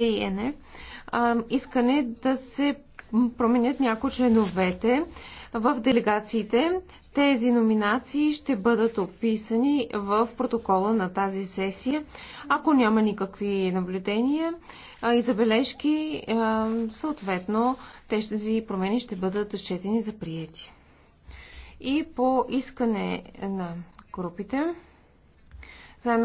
ЕНФ искане да се променят някои членовете в делегациите. Тези номинации ще бъдат описани в протокола на тази сесия. Ако няма никакви наблюдения и забележки, съответно, тези промени ще бъдат счетени за приети. И по искане на групите, заедно